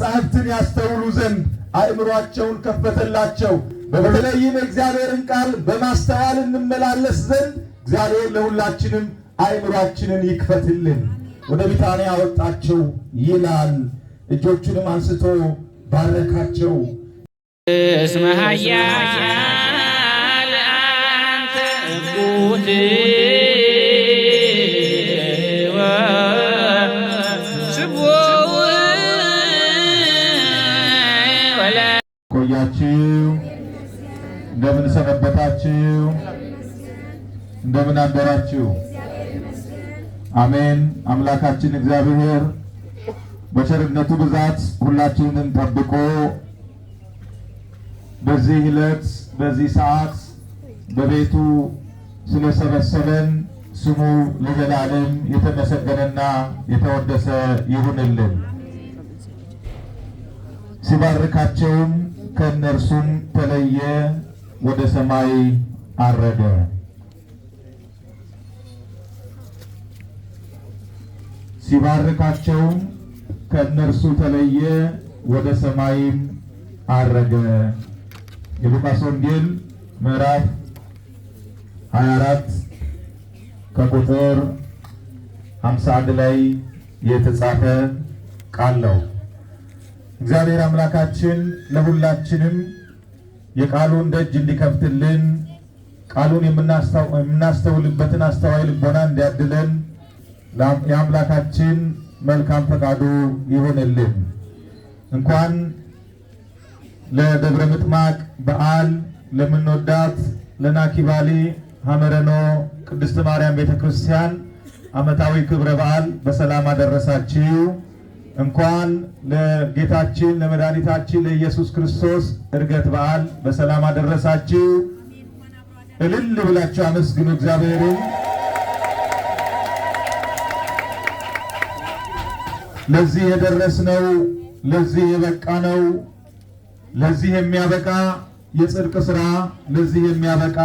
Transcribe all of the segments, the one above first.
መጻሕፍትን ያስተውሉ ዘንድ አእምሯቸውን ከፈተላቸው። በተለይም የእግዚአብሔርን ቃል በማስተዋል እንመላለስ ዘንድ እግዚአብሔር ለሁላችንም አእምሯችንን ይክፈትልን። ወደ ቢታንያ ወጣቸው ይላል። እጆቹንም አንስቶ ባረካቸው። እስመ ኃያል አንተ ቆያችሁ? እንደምን ሰነበታችሁ? እንደምን አደራችሁ? አሜን። አምላካችን እግዚአብሔር በቸርነቱ ብዛት ሁላችንን ጠብቆ በዚህ ዕለት በዚህ ሰዓት በቤቱ ስለሰበሰበን ስሙ ለዘላለም የተመሰገነና የተወደሰ ይሁንልን። ሲባርካቸውም ከእነርሱም ተለየ፣ ወደ ሰማይ አረገ። ሲባርካቸው ከእነርሱ ተለየ፣ ወደ ሰማይም አረገ። የሉቃስ ወንጌል ምዕራፍ 24 ከቁጥር 51 ላይ የተጻፈ ቃል ነው። እግዚአብሔር አምላካችን ለሁላችንም የቃሉን ደጅ እንዲከፍትልን ቃሉን የምናስተውልበትን አስተዋይ ልቦና እንዲያድለን የአምላካችን መልካም ፈቃዱ ይሆንልን። እንኳን ለደብረ ምጥማቅ በዓል ለምንወዳት ለናኪባሊ ሐመረኖ ቅድስት ማርያም ቤተክርስቲያን ዓመታዊ ክብረ በዓል በሰላም አደረሳችሁ። እንኳን ለጌታችን ለመድኃኒታችን ለኢየሱስ ክርስቶስ እርገት በዓል በሰላም አደረሳችሁ። እልል ብላችሁ አመስግኑ እግዚአብሔርን። ለዚህ የደረስነው ለዚህ የበቃነው ለዚህ የሚያበቃ የጽድቅ ስራ ለዚህ የሚያበቃ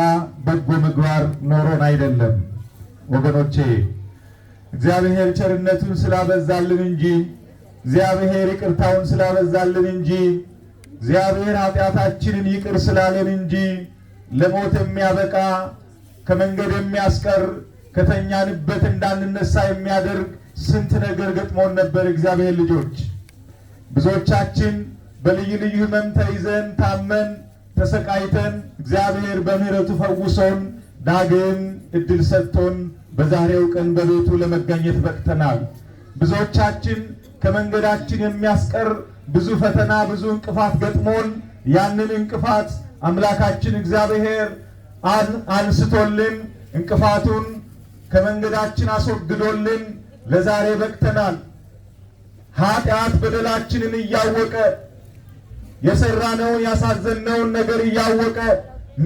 በጎ ምግባር ኖሮን አይደለም ወገኖቼ፣ እግዚአብሔር ቸርነቱን ስላበዛልን እንጂ እግዚአብሔር ይቅርታውን ስላበዛልን እንጂ እግዚአብሔር ኃጢአታችንን ይቅር ስላለን እንጂ ለሞት የሚያበቃ ከመንገድ የሚያስቀር ከተኛንበት እንዳንነሳ የሚያደርግ ስንት ነገር ገጥሞን ነበር። እግዚአብሔር ልጆች ብዙዎቻችን በልዩ ልዩ ሕመም ተይዘን ታመን ተሰቃይተን እግዚአብሔር በምሕረቱ ፈውሶን ዳግም እድል ሰጥቶን በዛሬው ቀን በቤቱ ለመገኘት በቅተናል። ብዙዎቻችን ከመንገዳችን የሚያስቀር ብዙ ፈተና፣ ብዙ እንቅፋት ገጥሞን ያንን እንቅፋት አምላካችን እግዚአብሔር አንስቶልን እንቅፋቱን ከመንገዳችን አስወግዶልን ለዛሬ በቅተናል። ኃጢአት በደላችንን እያወቀ የሰራነውን ያሳዘነውን ነገር እያወቀ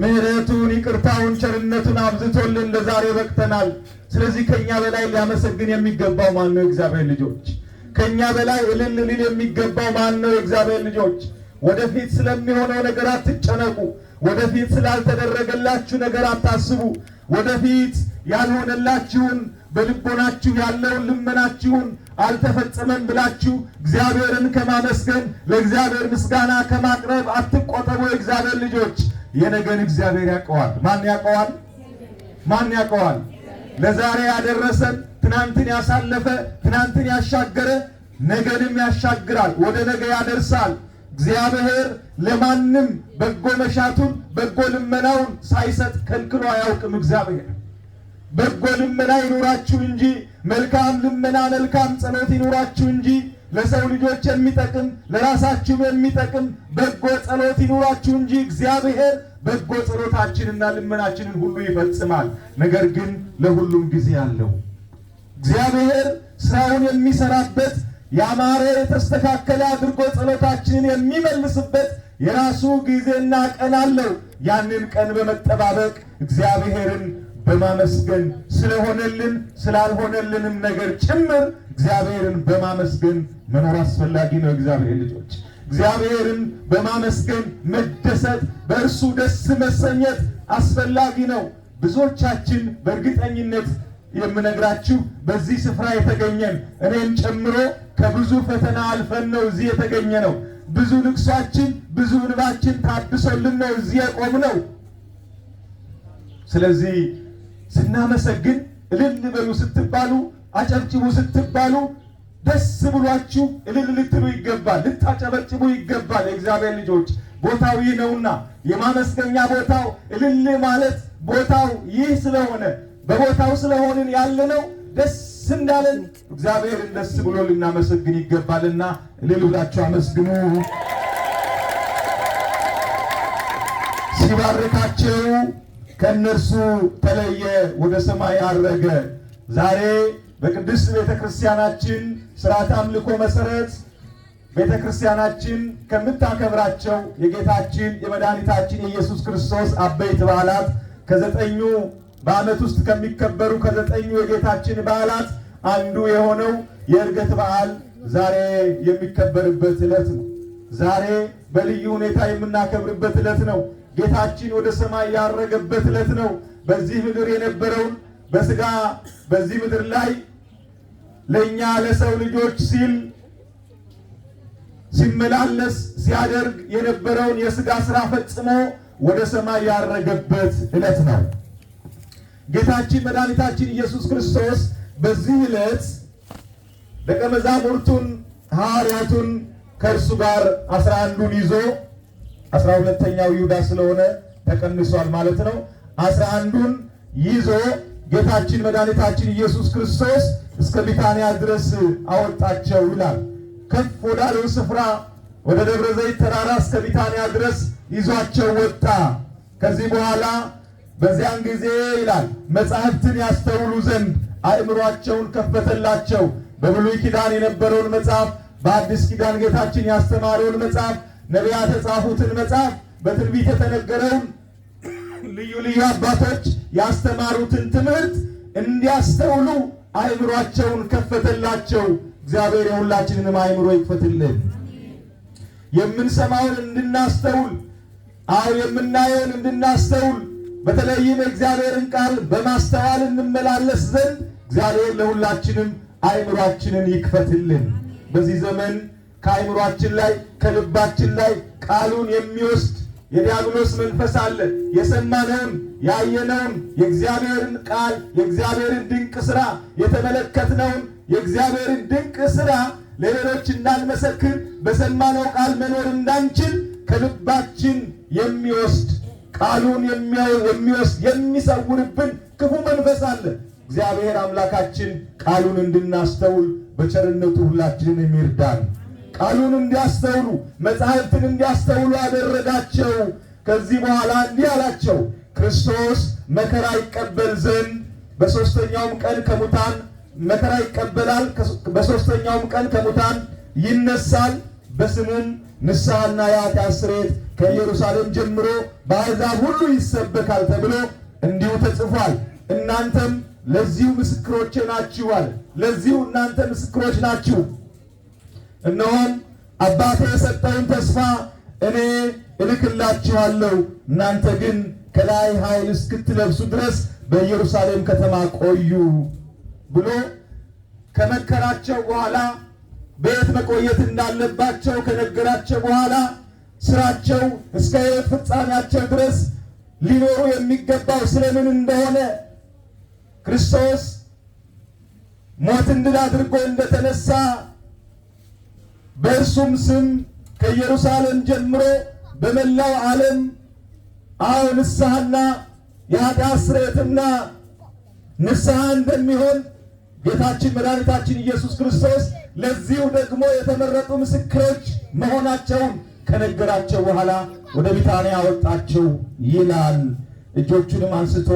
ምሕረቱን ይቅርታውን፣ ቸርነቱን አብዝቶልን ለዛሬ በቅተናል። ስለዚህ ከእኛ በላይ ሊያመሰግን የሚገባው ማን ነው? እግዚአብሔር ልጆች ከእኛ በላይ እልል ሊል የሚገባው ማን ነው? የእግዚአብሔር ልጆች ወደፊት ስለሚሆነው ነገር አትጨነቁ። ወደፊት ስላልተደረገላችሁ ነገር አታስቡ። ወደፊት ያልሆነላችሁን በልቦናችሁ ያለውን ልመናችሁን አልተፈጸመም ብላችሁ እግዚአብሔርን ከማመስገን ለእግዚአብሔር ምስጋና ከማቅረብ አትቆጠቡ። የእግዚአብሔር ልጆች የነገን እግዚአብሔር ያውቀዋል። ማን ያውቀዋል? ማን ያውቀዋል? ለዛሬ ያደረሰን ትናንትን ያሳለፈ ትናንትን ያሻገረ ነገንም ያሻግራል፣ ወደ ነገ ያደርሳል። እግዚአብሔር ለማንም በጎ መሻቱን በጎ ልመናውን ሳይሰጥ ከልክሎ አያውቅም። እግዚአብሔር በጎ ልመና ይኑራችሁ እንጂ መልካም ልመና መልካም ጸሎት ይኑራችሁ እንጂ ለሰው ልጆች የሚጠቅም ለራሳችሁም የሚጠቅም በጎ ጸሎት ይኑራችሁ እንጂ እግዚአብሔር በጎ ጸሎታችንና ልመናችንን ሁሉ ይፈጽማል። ነገር ግን ለሁሉም ጊዜ አለው። እግዚአብሔር ስራውን የሚሰራበት ያማረ የተስተካከለ አድርጎ ጸሎታችንን የሚመልስበት የራሱ ጊዜና ቀን አለው። ያንን ቀን በመጠባበቅ እግዚአብሔርን በማመስገን ስለሆነልን ስላልሆነልንም ነገር ጭምር እግዚአብሔርን በማመስገን መኖር አስፈላጊ ነው። እግዚአብሔር ልጆች እግዚአብሔርን በማመስገን መደሰት፣ በእርሱ ደስ መሰኘት አስፈላጊ ነው። ብዙዎቻችን በእርግጠኝነት የምነግራችሁ በዚህ ስፍራ የተገኘን እኔም ጨምሮ ከብዙ ፈተና አልፈን ነው እዚህ የተገኘ ነው። ብዙ ልቅሷችን፣ ብዙ እንባችን ታድሶልን ነው እዚህ የቆም ነው። ስለዚህ ስናመሰግን እልል በሉ ስትባሉ፣ አጨብጭቡ ስትባሉ ደስ ብሏችሁ እልል ልትሉ ይገባል፣ ልታጨበጭቡ ይገባል። የእግዚአብሔር ልጆች ቦታው ይህ ነውና የማመስገኛ ቦታው እልል ማለት ቦታው ይህ ስለሆነ በቦታው ስለሆንን ያለነው ደስ እንዳለን እግዚአብሔርን ደስ ብሎ ልናመሰግን ይገባልና እልል ብላችሁ አመስግኑ። ሲባርካቸው ከእነርሱ ተለየ፣ ወደ ሰማይ አረገ። ዛሬ በቅድስት ቤተ ክርስቲያናችን ስርዓተ አምልኮ መሰረት ቤተ ክርስቲያናችን ከምታከብራቸው የጌታችን የመድኃኒታችን የኢየሱስ ክርስቶስ አበይት በዓላት ከዘጠኙ በዓመት ውስጥ ከሚከበሩ ከዘጠኙ የጌታችን በዓላት አንዱ የሆነው የእርገት በዓል ዛሬ የሚከበርበት ዕለት ነው። ዛሬ በልዩ ሁኔታ የምናከብርበት ዕለት ነው። ጌታችን ወደ ሰማይ ያረገበት ዕለት ነው። በዚህ ምድር የነበረውን በስጋ በዚህ ምድር ላይ ለእኛ ለሰው ልጆች ሲል ሲመላለስ ሲያደርግ የነበረውን የሥጋ ሥራ ፈጽሞ ወደ ሰማይ ያረገበት ዕለት ነው። ጌታችን መድኃኒታችን ኢየሱስ ክርስቶስ በዚህ ዕለት ደቀ መዛሙርቱን ሐዋርያቱን ከእርሱ ጋር አስራ አንዱን ይዞ አስራ ሁለተኛው ይሁዳ ስለሆነ ተቀንሷል ማለት ነው። አስራ አንዱን ይዞ ጌታችን መድኃኒታችን ኢየሱስ ክርስቶስ እስከ ቢታንያ ድረስ አወጣቸው ይላል። ከፍ ወዳለው ስፍራ ወደ ደብረ ዘይት ተራራ እስከ ቢታንያ ድረስ ይዟቸው ወጣ። ከዚህ በኋላ በዚያን ጊዜ ይላል መጻሕፍትን ያስተውሉ ዘንድ አእምሯቸውን ከፈተላቸው። በብሉይ ኪዳን የነበረውን መጽሐፍ፣ በአዲስ ኪዳን ጌታችን ያስተማረውን መጽሐፍ፣ ነቢያት የጻፉትን መጽሐፍ፣ በትንቢት የተነገረውን ልዩ ልዩ አባቶች ያስተማሩትን ትምህርት እንዲያስተውሉ አእምሯቸውን ከፈተላቸው። እግዚአብሔር የሁላችንንም አእምሮ ይክፈትልን። የምንሰማውን እንድናስተውል፣ አሁን የምናየውን እንድናስተውል፣ በተለይም የእግዚአብሔርን ቃል በማስተዋል እንመላለስ ዘንድ እግዚአብሔር ለሁላችንም አእምሯችንን ይክፈትልን። በዚህ ዘመን ከአእምሯችን ላይ ከልባችን ላይ ቃሉን የሚወስድ የዲያብሎስ መንፈስ አለ። የሰማነውም ያየነውም የእግዚአብሔርን ቃል የእግዚአብሔርን ድንቅ ስራ የተመለከትነውን የእግዚአብሔርን ድንቅ ስራ ለሌሎች እንዳንመሰክር በሰማነው ቃል መኖር እንዳንችል ከልባችን የሚወስድ ቃሉን የሚወስድ የሚሰውርብን ክፉ መንፈስ አለ። እግዚአብሔር አምላካችን ቃሉን እንድናስተውል በቸርነቱ ሁላችንን የሚርዳን ቃሉን እንዲያስተውሉ መጻሕፍትን እንዲያስተውሉ አደረጋቸው። ከዚህ በኋላ እንዲህ አላቸው፣ ክርስቶስ መከራ ይቀበል ዘንድ በሦስተኛውም ቀን ከሙታን መከራ ይቀበላል፣ በሦስተኛውም ቀን ከሙታን ይነሳል፣ በስሙም ንስሐና የኃጢአት ስርየት ከኢየሩሳሌም ጀምሮ በአሕዛብ ሁሉ ይሰበካል ተብሎ እንዲሁ ተጽፏል። እናንተም ለዚሁ ምስክሮቼ ናችኋል። ለዚሁ እናንተ ምስክሮች ናችሁ። እነሆም አባቴ የሰጠውን ተስፋ እኔ እልክላችኋለሁ እናንተ ግን ከላይ ኃይል እስክትለብሱ ድረስ በኢየሩሳሌም ከተማ ቆዩ ብሎ ከመከራቸው በኋላ በየት መቆየት እንዳለባቸው ከነገራቸው በኋላ ስራቸው እስከ የት ፍጻሜያቸው ድረስ ሊኖሩ የሚገባው ስለምን እንደሆነ ክርስቶስ ሞትን ድል አድርጎ እንደተነሳ በእርሱም ስም ከኢየሩሳሌም ጀምሮ በመላው ዓለም አዎ ንስሐና የኃጢአት ስርየትና ንስሐ እንደሚሆን ጌታችን መድኃኒታችን ኢየሱስ ክርስቶስ ለዚሁ ደግሞ የተመረጡ ምስክሮች መሆናቸውን ከነገራቸው በኋላ ወደ ቢታንያ አወጣቸው ይላል። እጆቹንም አንስቶ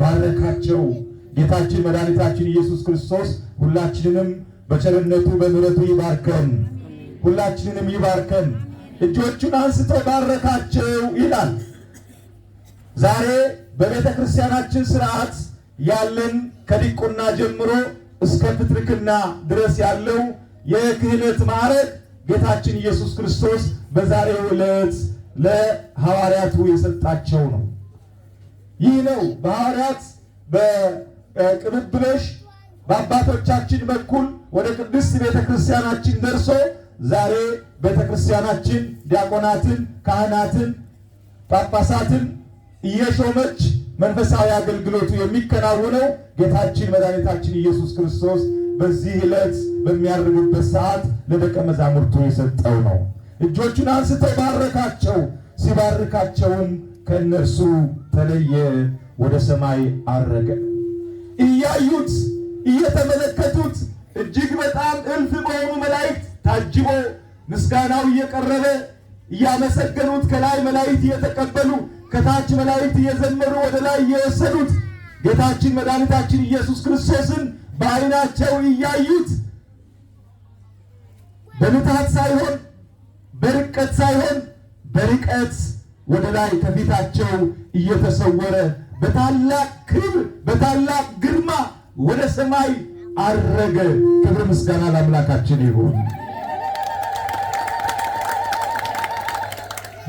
ባረካቸው። ጌታችን መድኃኒታችን ኢየሱስ ክርስቶስ ሁላችንንም በቸርነቱ በምሕረቱ ይባርከን። ሁላችንንም ይባርከን። እጆቹን አንስቶ ባረካቸው ይላል። ዛሬ በቤተ ክርስቲያናችን ስርዓት ያለን ከዲቁና ጀምሮ እስከ ፕትርክና ድረስ ያለው የክህነት ማዕረግ ጌታችን ኢየሱስ ክርስቶስ በዛሬው ዕለት ለሐዋርያቱ የሰጣቸው ነው። ይህ ነው በሐዋርያት በቅብብሎሽ በአባቶቻችን በኩል ወደ ቅድስት ቤተ ክርስቲያናችን ደርሶ ዛሬ ቤተክርስቲያናችን ዲያቆናትን፣ ካህናትን፣ ጳጳሳትን እየሾመች መንፈሳዊ አገልግሎቱ የሚከናወነው ጌታችን መድኃኒታችን ኢየሱስ ክርስቶስ በዚህ ዕለት በሚያርግበት ሰዓት ለደቀ መዛሙርቱ የሰጠው ነው። እጆቹን አንስተው ባረካቸው። ሲባርካቸውም ከእነርሱ ተለየ፣ ወደ ሰማይ አረገ። እያዩት እየተመለከቱት እጅግ በጣም እልፍ በሆኑ መላእክት ታጅቦ ምስጋናው እየቀረበ እያመሰገኑት ከላይ መላእክት እየተቀበሉ ከታች መላእክት እየዘመሩ ወደ ላይ እየወሰዱት ጌታችን መድኃኒታችን ኢየሱስ ክርስቶስን በዓይናቸው እያዩት በምትሃት ሳይሆን በርቀት ሳይሆን በርቀት ወደ ላይ ከፊታቸው እየተሰወረ በታላቅ ክብር በታላቅ ግርማ ወደ ሰማይ አረገ። ክብር ምስጋና ለአምላካችን ይሁን።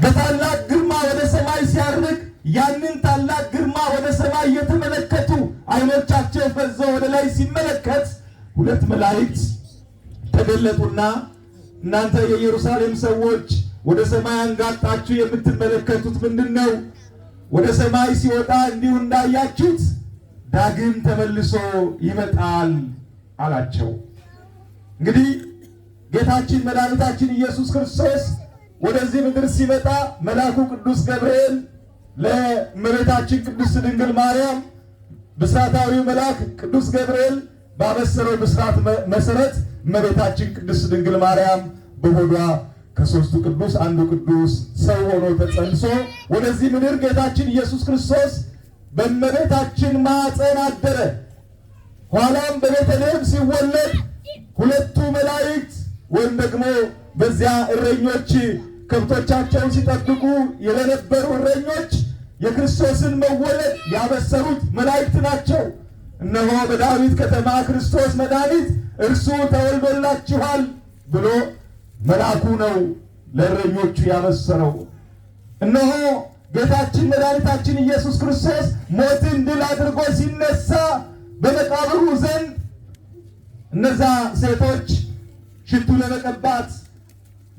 በታላቅ ግርማ ወደ ሰማይ ሲያርግ ያንን ታላቅ ግርማ ወደ ሰማይ እየተመለከቱ አይኖቻቸው ፈዘው ወደ ላይ ሲመለከት ሁለት መላእክት ተገለጡና እናንተ የኢየሩሳሌም ሰዎች ወደ ሰማይ አንጋጣችሁ የምትመለከቱት ምንድን ነው? ወደ ሰማይ ሲወጣ እንዲሁ እንዳያችሁት ዳግም ተመልሶ ይመጣል አላቸው። እንግዲህ ጌታችን መድኃኒታችን ኢየሱስ ክርስቶስ ወደዚህ ምድር ሲመጣ መልአኩ ቅዱስ ገብርኤል ለእመቤታችን ቅድስት ድንግል ማርያም ብስራታዊ መልአክ ቅዱስ ገብርኤል ባበሰረው ብስራት መሰረት እመቤታችን ቅድስት ድንግል ማርያም በሆዷ ከሶስቱ ቅዱስ አንዱ ቅዱስ ሰው ሆኖ ተጸንሶ ወደዚህ ምድር ጌታችን ኢየሱስ ክርስቶስ በእመቤታችን ማኅፀን አደረ። ኋላም በቤተልሔም ሲወለድ ሁለቱ መላእክት ወይም ደግሞ በዚያ እረኞች ከብቶቻቸውን ሲጠብቁ የለነበሩ እረኞች የክርስቶስን መወለድ ያበሰሩት መላእክት ናቸው። እነሆ በዳዊት ከተማ ክርስቶስ መድኃኒት እርሱ ተወልዶላችኋል ብሎ መልአኩ ነው ለእረኞቹ ያበሰረው። እነሆ ጌታችን መድኃኒታችን ኢየሱስ ክርስቶስ ሞትን ድል አድርጎ ሲነሳ በመቃብሩ ዘንድ እነዛ ሴቶች ሽቱ ለመቀባት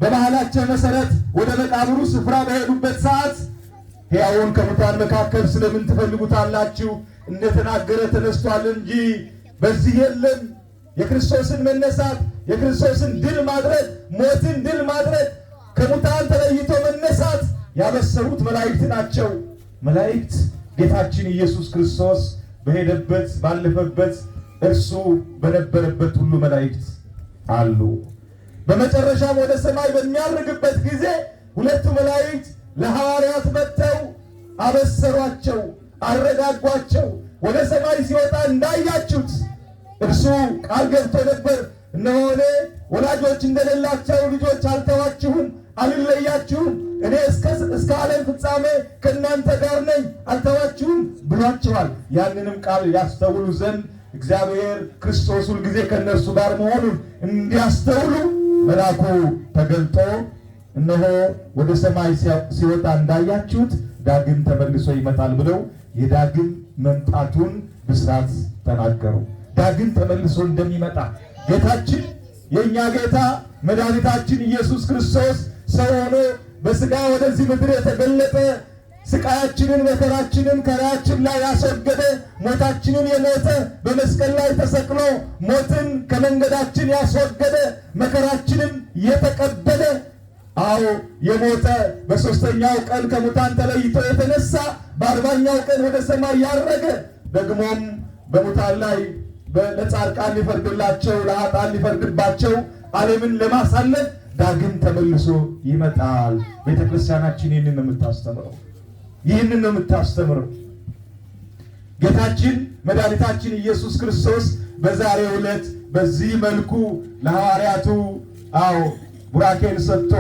በባህላችን መሰረት ወደ መቃብሩ ስፍራ በሄዱበት ሰዓት ሕያውን ከሙታን መካከል ስለምን ትፈልጉታላችሁ? እንደተናገረ ተነስቷል እንጂ በዚህ የለም። የክርስቶስን መነሳት፣ የክርስቶስን ድል ማድረግ፣ ሞትን ድል ማድረግ፣ ከሙታን ተለይቶ መነሳት ያበሰሩት መላእክት ናቸው። መላእክት ጌታችን ኢየሱስ ክርስቶስ በሄደበት ባለፈበት እርሱ በነበረበት ሁሉ መላእክት አሉ። በመጨረሻም ወደ ሰማይ በሚያርግበት ጊዜ ሁለቱ መላእክት ለሐዋርያት መጥተው አበሰሯቸው፣ አረጋጓቸው። ወደ ሰማይ ሲወጣ እንዳያችሁት እርሱ ቃል ገብቶ ነበር። እነሆነ ወላጆች እንደሌላቸው ልጆች አልተዋችሁም፣ አልለያችሁም፣ እኔ እስከ ዓለም ፍጻሜ ከእናንተ ጋር ነኝ፣ አልተዋችሁም ብሏቸዋል። ያንንም ቃል ያስተውሉ ዘንድ እግዚአብሔር ክርስቶስ ሁልጊዜ ከእነርሱ ጋር መሆኑን እንዲያስተውሉ መልአኩ ተገልጦ እነሆ ወደ ሰማይ ሲወጣ እንዳያችሁት ዳግም ተመልሶ ይመጣል ብለው የዳግም መምጣቱን ብስራት ተናገሩ። ዳግም ተመልሶ እንደሚመጣ ጌታችን የእኛ ጌታ መድኃኒታችን ኢየሱስ ክርስቶስ ሰው ሆኖ በስጋ ወደዚህ ምድር የተገለጠ ስቃያችንን መከራችንን ከላያችን ላይ ያስወገደ ሞታችንን የሞተ በመስቀል ላይ ተሰቅሎ ሞትን ከመንገዳችን ያስወገደ መከራችንን የተቀበለ አዎ የሞተ በሦስተኛው ቀን ከሙታን ተለይቶ የተነሳ በአርባኛው ቀን ወደ ሰማይ ያረገ ደግሞም በሙታን ላይ ለጻድቃን ሊፈርድላቸው ለኃጥአን ሊፈርድባቸው ዓለምን ለማሳለፍ ዳግም ተመልሶ ይመጣል። ቤተ ክርስቲያናችን ይህንን የምታስተምረው ይህንን ነው የምታስተምረው። ጌታችን መድኃኒታችን ኢየሱስ ክርስቶስ በዛሬ ዕለት በዚህ መልኩ ለሐዋርያቱ አዎ ቡራኬን ሰጥቶ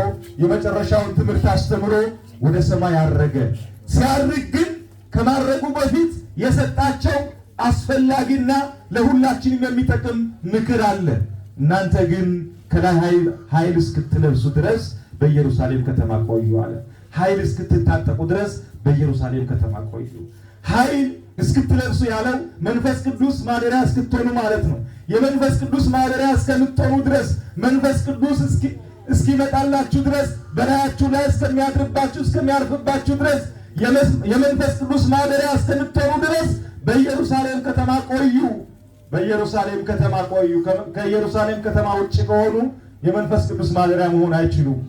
የመጨረሻውን ትምህርት አስተምሮ ወደ ሰማይ አረገ። ሲያርግ ግን ከማረጉ በፊት የሰጣቸው አስፈላጊና ለሁላችንም የሚጠቅም ምክር አለ። እናንተ ግን ከላይ ኃይል እስክትለብሱ ድረስ በኢየሩሳሌም ከተማ ቆዩ አለ። ኃይል እስክትታጠቁ ድረስ በኢየሩሳሌም ከተማ ቆዩ። ኃይል እስክትለብሱ ያለው መንፈስ ቅዱስ ማደሪያ እስክትሆኑ ማለት ነው። የመንፈስ ቅዱስ ማደሪያ እስከምትሆኑ ድረስ መንፈስ ቅዱስ እስኪመጣላችሁ ድረስ በላያችሁ ላይ እስከሚያድርባችሁ እስከሚያርፍባችሁ ድረስ የመንፈስ ቅዱስ ማደሪያ እስከምትሆኑ ድረስ በኢየሩሳሌም ከተማ ቆዩ። በኢየሩሳሌም ከተማ ቆዩ። ከኢየሩሳሌም ከተማ ውጭ ከሆኑ የመንፈስ ቅዱስ ማደሪያ መሆን አይችሉም።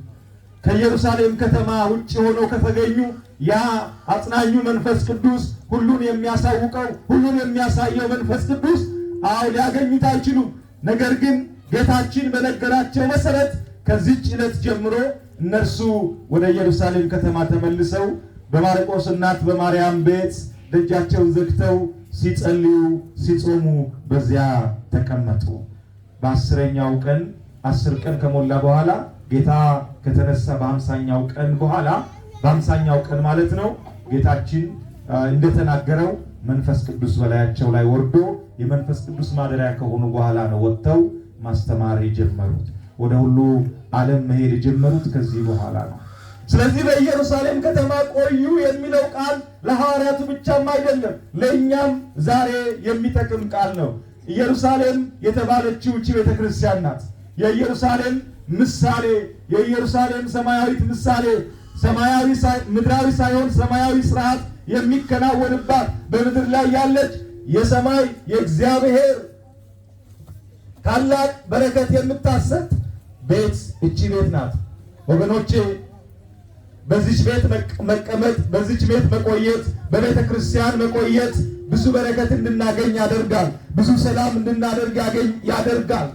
ከኢየሩሳሌም ከተማ ውጭ ሆነው ከተገኙ ያ አጽናኙ መንፈስ ቅዱስ ሁሉን የሚያሳውቀው ሁሉን የሚያሳየው መንፈስ ቅዱስ አዎ ሊያገኙት አይችሉም። ነገር ግን ጌታችን በነገራቸው መሰረት ከዚች ዕለት ጀምሮ እነርሱ ወደ ኢየሩሳሌም ከተማ ተመልሰው በማርቆስ እናት በማርያም ቤት ደጃቸውን ዘግተው ሲጸልዩ ሲጾሙ በዚያ ተቀመጡ። በአስረኛው ቀን አስር ቀን ከሞላ በኋላ ጌታ ከተነሳ በአምሳኛው ቀን በኋላ በአምሳኛው ቀን ማለት ነው ጌታችን እንደተናገረው መንፈስ ቅዱስ በላያቸው ላይ ወርዶ የመንፈስ ቅዱስ ማደሪያ ከሆኑ በኋላ ነው ወጥተው ማስተማር የጀመሩት። ወደ ሁሉ ዓለም መሄድ የጀመሩት ከዚህ በኋላ ነው። ስለዚህ በኢየሩሳሌም ከተማ ቆዩ የሚለው ቃል ለሐዋርያቱ ብቻም አይደለም፣ ለእኛም ዛሬ የሚጠቅም ቃል ነው። ኢየሩሳሌም የተባለችው እቺ ቤተክርስቲያን ናት። የኢየሩሳሌም ምሳሌ የኢየሩሳሌም ሰማያዊት ምሳሌ ሰማያዊ ምድራዊ ሳይሆን ሰማያዊ ስርዓት የሚከናወንባት በምድር ላይ ያለች የሰማይ የእግዚአብሔር ታላቅ በረከት የምታሰጥ ቤት እቺ ቤት ናት ወገኖቼ። በዚች ቤት መቀመጥ፣ በዚች ቤት መቆየት፣ በቤተ ክርስቲያን መቆየት ብዙ በረከት እንድናገኝ ያደርጋል። ብዙ ሰላም እንድናደርግ ያደርጋል።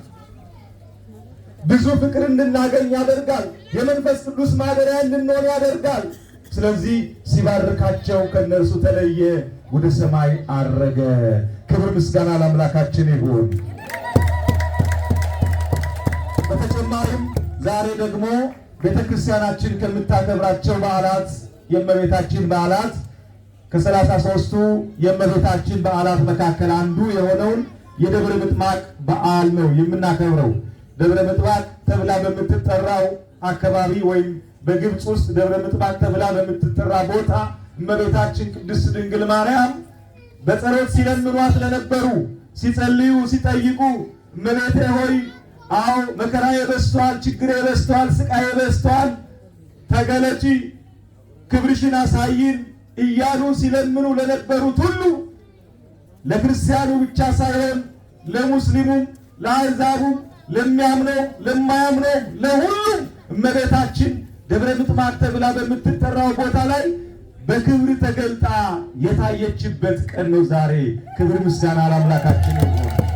ብዙ ፍቅር እንድናገኝ ያደርጋል። የመንፈስ ቅዱስ ማደሪያ እንድንሆን ያደርጋል። ስለዚህ ሲባርካቸው ከእነርሱ ተለየ፣ ወደ ሰማይ አረገ። ክብር ምስጋና ለአምላካችን ይሁን። በተጨማሪም ዛሬ ደግሞ ቤተ ክርስቲያናችን ከምታከብራቸው በዓላት የእመቤታችን በዓላት ከሰላሳ ሦስቱ የእመቤታችን በዓላት መካከል አንዱ የሆነውን የደብረ ምጥማቅ በዓል ነው የምናከብረው። ደብረ ምጥባቅ ተብላ በምትጠራው አካባቢ ወይም በግብፅ ውስጥ ደብረ ምጥባቅ ተብላ በምትጠራ ቦታ እመቤታችን ቅድስት ድንግል ማርያም በጸሎት ሲለምኗት ለነበሩ ሲጸልዩ፣ ሲጠይቁ እመቤቴ ሆይ አዎ መከራ የበስተዋል፣ ችግር የበስተዋል፣ ስቃይ የበስተዋል፣ ተገለጪ፣ ክብርሽን አሳይን እያሉ ሲለምኑ ለነበሩት ሁሉ ለክርስቲያኑ ብቻ ሳይሆን ለሙስሊሙም ለአሕዛቡም ለሚያምነው ለማያምነው ለሁሉም እመቤታችን ደብረ ምጥማቅ ተብላ በምትጠራው ቦታ ላይ በክብር ተገልጣ የታየችበት ቀን ነው ዛሬ። ክብር ምስጋና ለአምላካችን።